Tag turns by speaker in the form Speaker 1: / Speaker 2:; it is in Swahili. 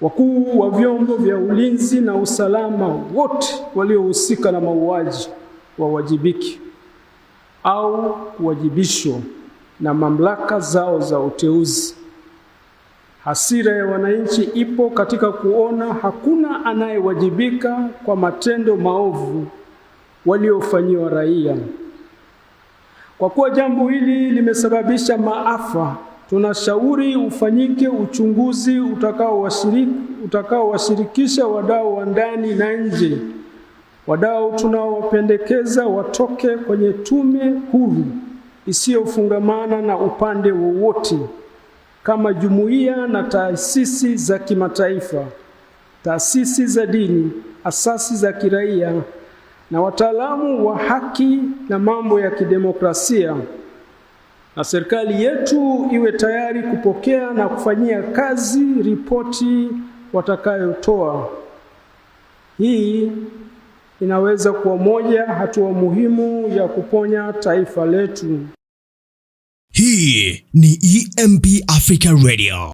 Speaker 1: wakuu wa vyombo vya ulinzi na usalama wote waliohusika na mauaji wawajibiki au kuwajibishwa na mamlaka zao za uteuzi. Hasira ya wananchi ipo katika kuona hakuna anayewajibika kwa matendo maovu waliofanyiwa raia. Kwa kuwa jambo hili limesababisha maafa tunashauri ufanyike uchunguzi utakaowashirikisha wadau wa ndani na nje. Wadau tunaowapendekeza watoke kwenye tume huru isiyofungamana na upande wowote, kama jumuiya na taasisi za kimataifa, taasisi za dini, asasi za kiraia na wataalamu wa haki na mambo ya kidemokrasia na serikali yetu iwe tayari kupokea na kufanyia kazi ripoti watakayotoa. Hii inaweza kuwa moja hatua muhimu ya kuponya taifa letu. Hii ni EMP Africa Radio.